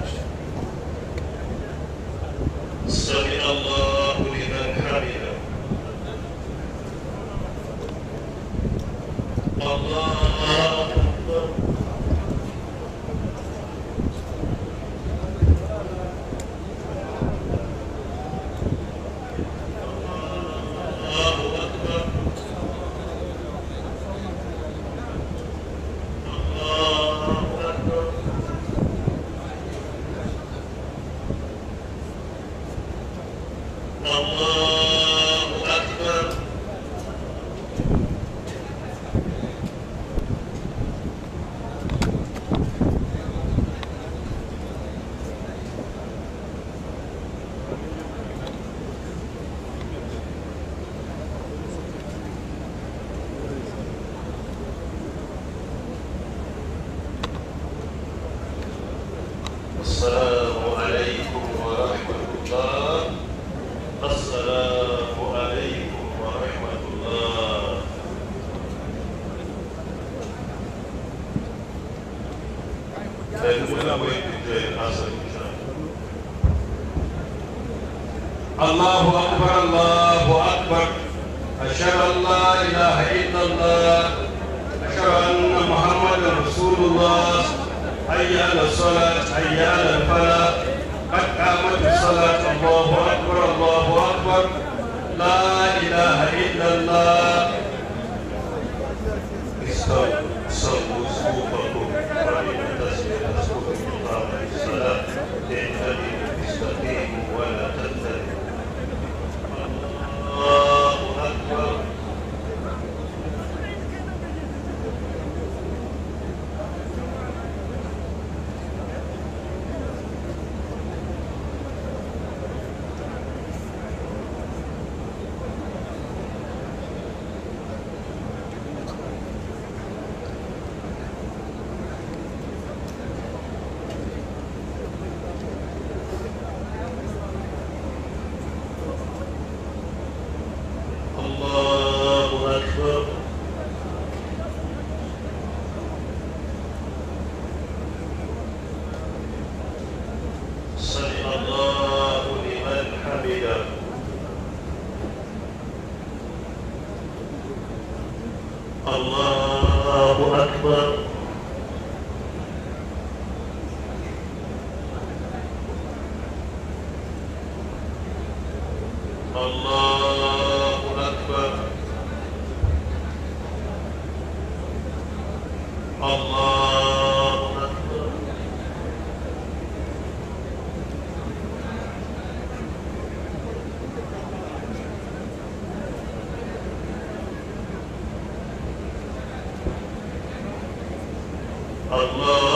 Deus. Sami Allah. على الفلاح قد قامت الصلاة الله أكبر الله أكبر لا إله إلا الله استوى Allah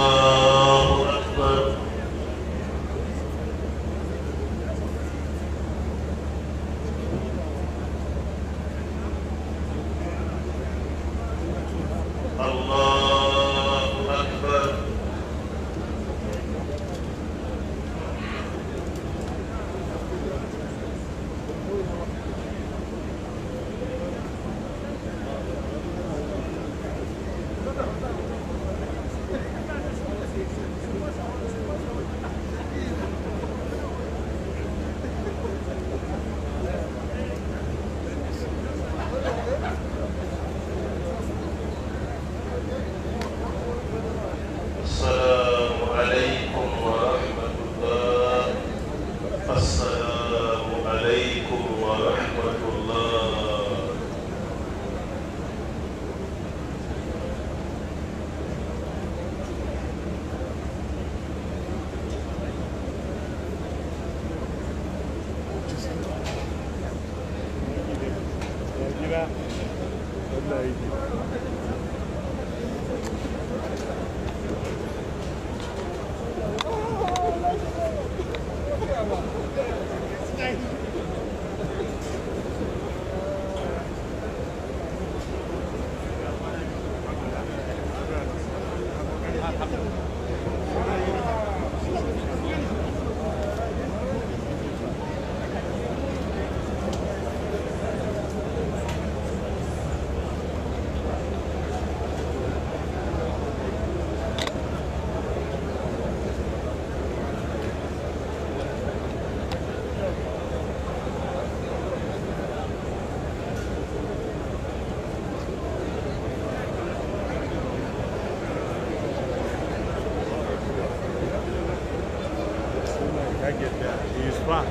o'clock.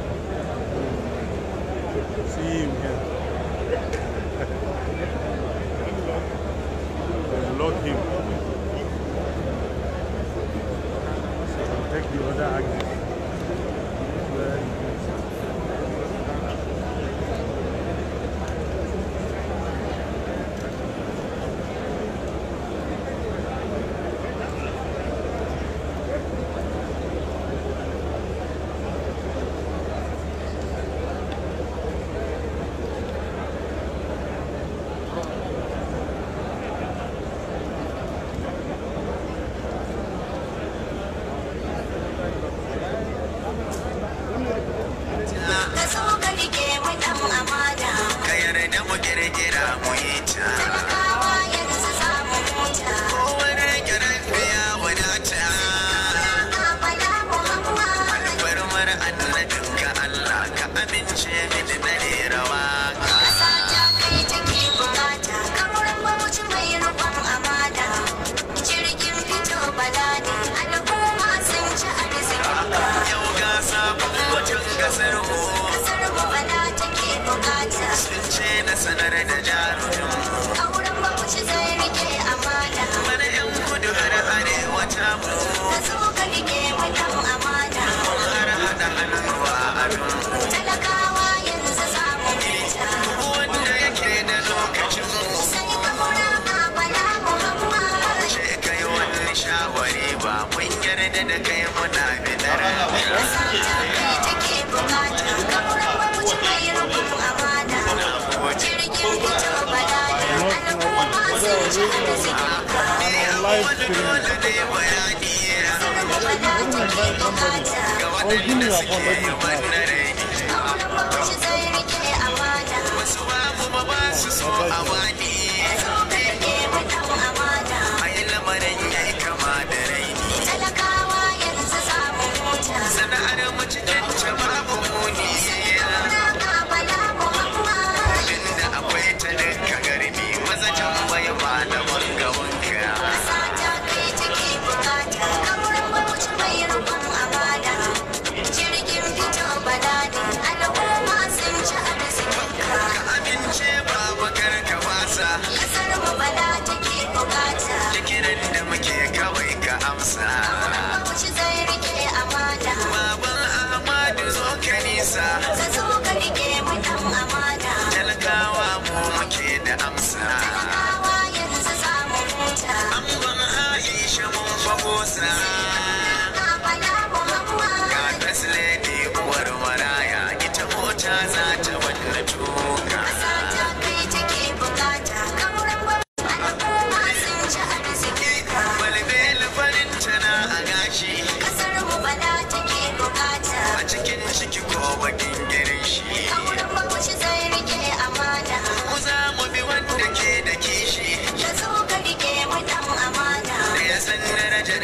See you here. him. So take the other exit. Wasu babu ba su so a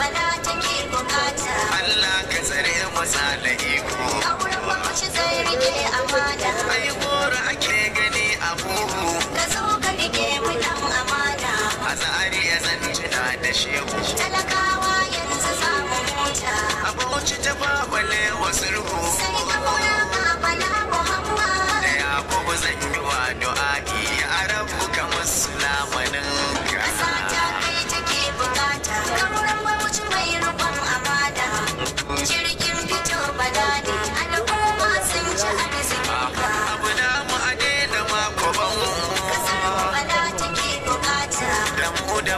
bana take bukata Allah ka tsare mu da iko a wurin mamaci zai rike amana ai goro ake gani abu ka zo ka rike mu dan amana a tsari ya zan tuna da shehu talakawa yanzu za mota. huta abauci ta ba wale wasu ruhu sai ka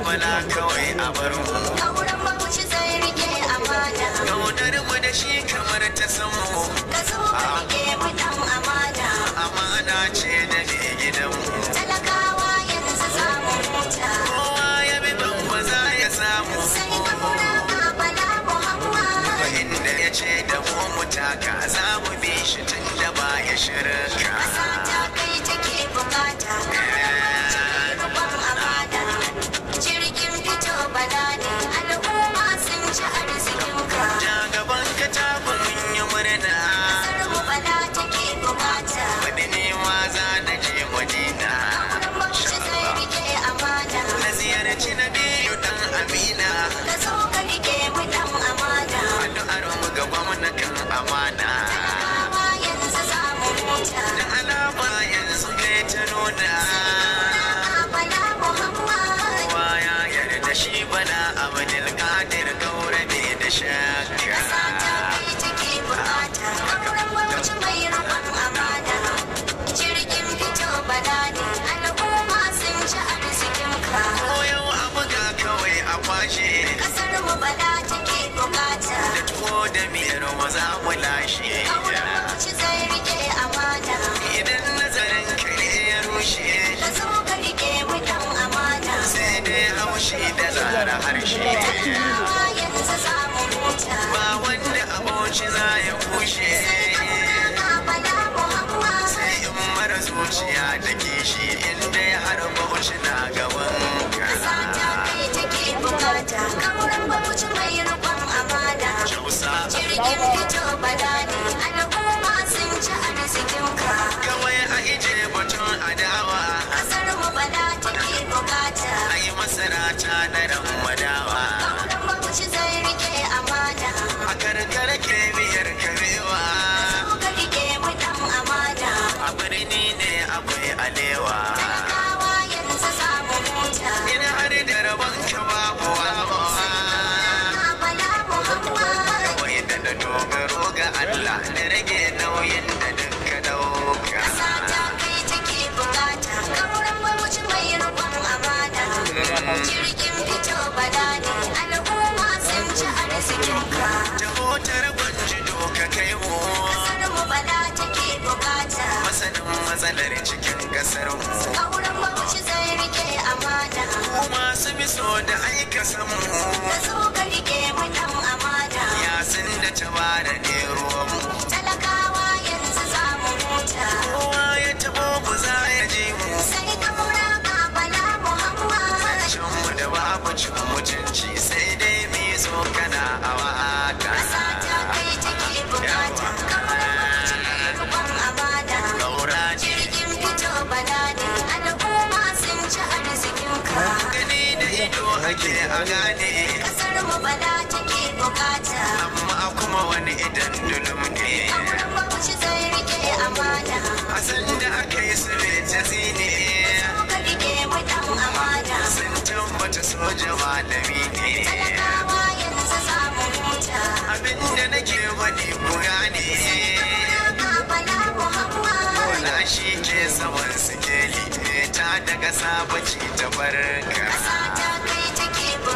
bala kawai a baro a wurin makuci zai rike amana kaunar mu da shi kamar ta samu ka zo ka rike mu dan amana amana ce da ke gidan talakawa yanzu za mu huta kowa ya bi ban ba za ya samu sai ka kula ka bala mu muhammad inda ya ce da mu mutaka za mu bi shi tun da ba ya shirin shi inda har shi na gaba da aika samu ka zo ka rike mu dan amana ya san da tabara talakawa yanzu za mu huta kowa ya taɓo ku za ya ji mu sai ka mura ka bala muhammad can mu da babu cin mutum. ake a gane kasar mu bana take bukata amma kuma wani idan dulum ne amma mu shi zai rike amana a san da aka yi su ne jazi ne ka rike mu dan amana sun tambata soja malami ne talakawa yanzu za mu huta abinda nake wani buya ne bala mu hawa wala shi ke sawan sikeli ta daga sabaci ta barka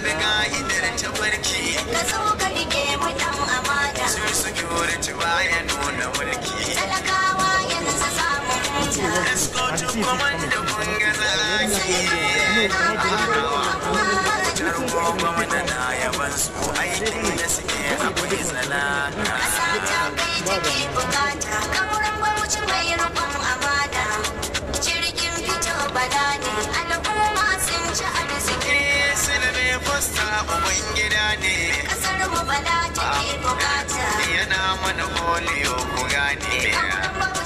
annabi ga idar ta barki ka zo ka rike mu dan amana su security baya nuna mulki talakawa yanzu za mu huta escort komanda kun ga zalaki tarko gwamna na su da suke akwai zalaka mun gida ne kasar mu bala take ah, bukata yana mana polio oh, ku gane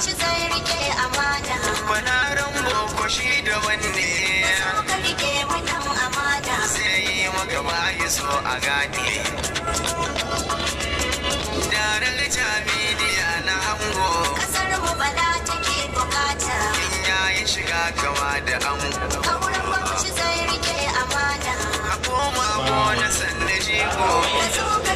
shi zai rike amana Bana ran boko shi da wanne ka rike mutan amana sai maka bayi so a gane daren jami'a na ango kasar mu bala take bukata in yayi shiga gaba da ango koma gona sanda jigo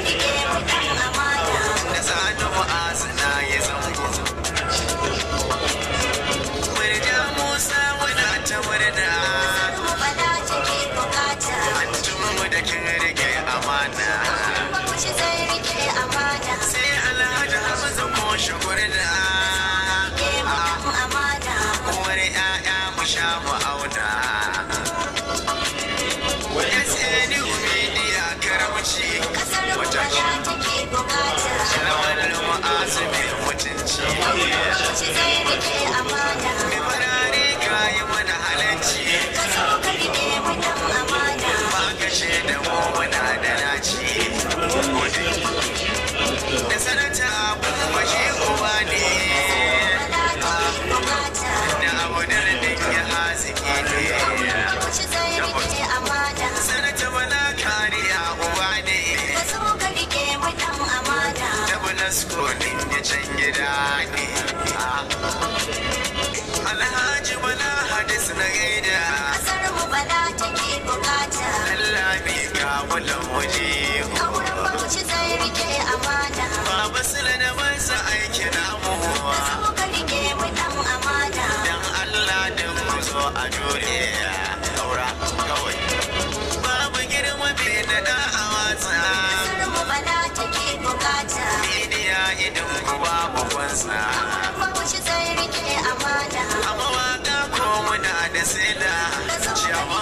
da sila ciyawa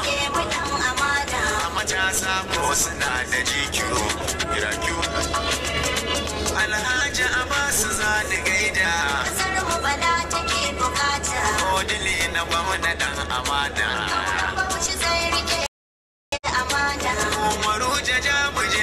a matasa ko suna da jikiro? irakiyo alhaji abasu za da gaida kasar bala take bukata odili na gwamna dan amada. Umaru jaja mu je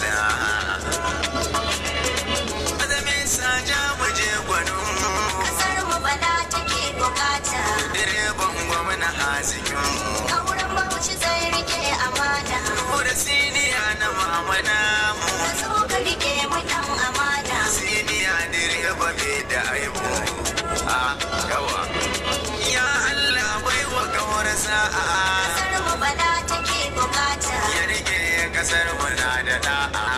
wahala azamin saja muje gwanin kasar mu bana take buƙata. direban gwamna hazikin mu a bauchi zai rike amana ko da na mamana kasar muna da da'a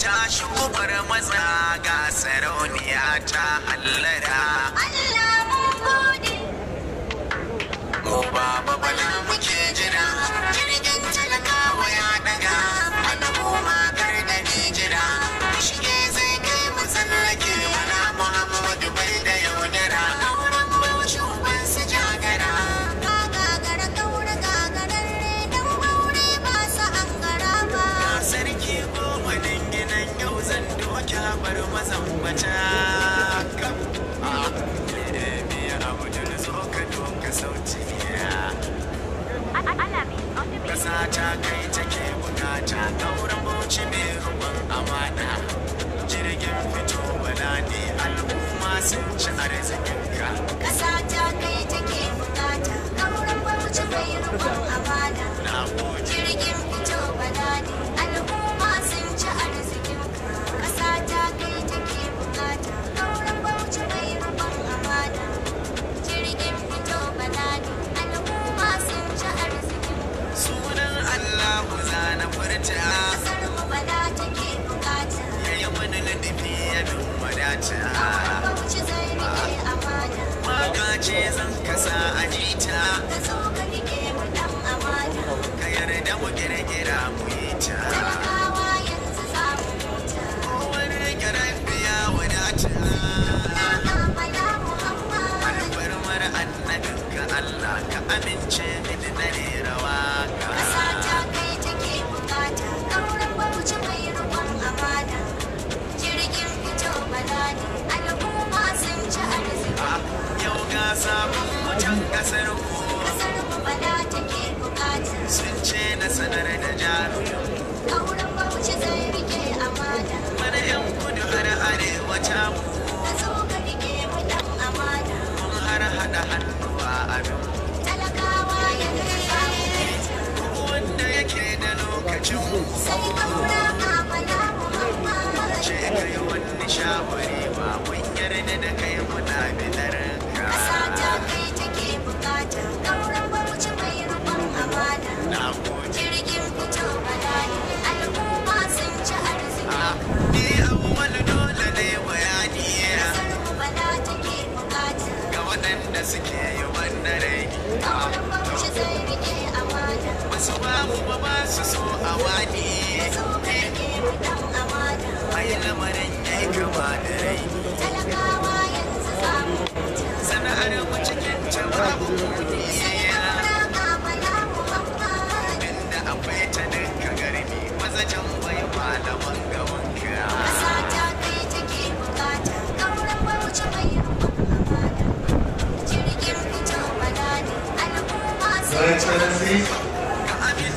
ta shugubar maza ga sarauniya ta hallara. Allah mun gode. Mu baba bala muke ƙasa ta kai take bukata ɗaura bauchi mai ruwan amana jirgin fito bala ne al'umma sun ci arzikin ka ƙasa ta kai take bukata ɗaura bauchi mai ruwan amana sarko sarko bala take bukata zuciya na sanar da jaru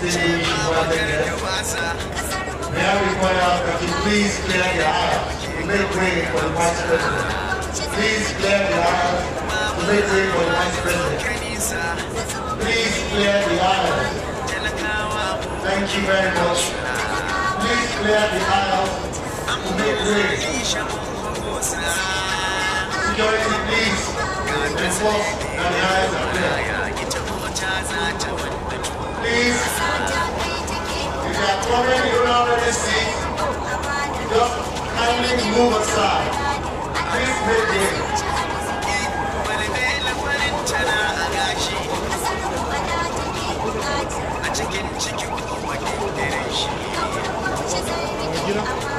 Steve Wadagas. Now we out that you please clear the house to make way for the vice president. Please clear the house to make way for the vice president. Please clear the house. Thank you very much. Please clear the house to make way. Security, please enforce that the house are clear please. If you are coming, you don't have any just kindly move aside. Please make way. Chicken, chicken,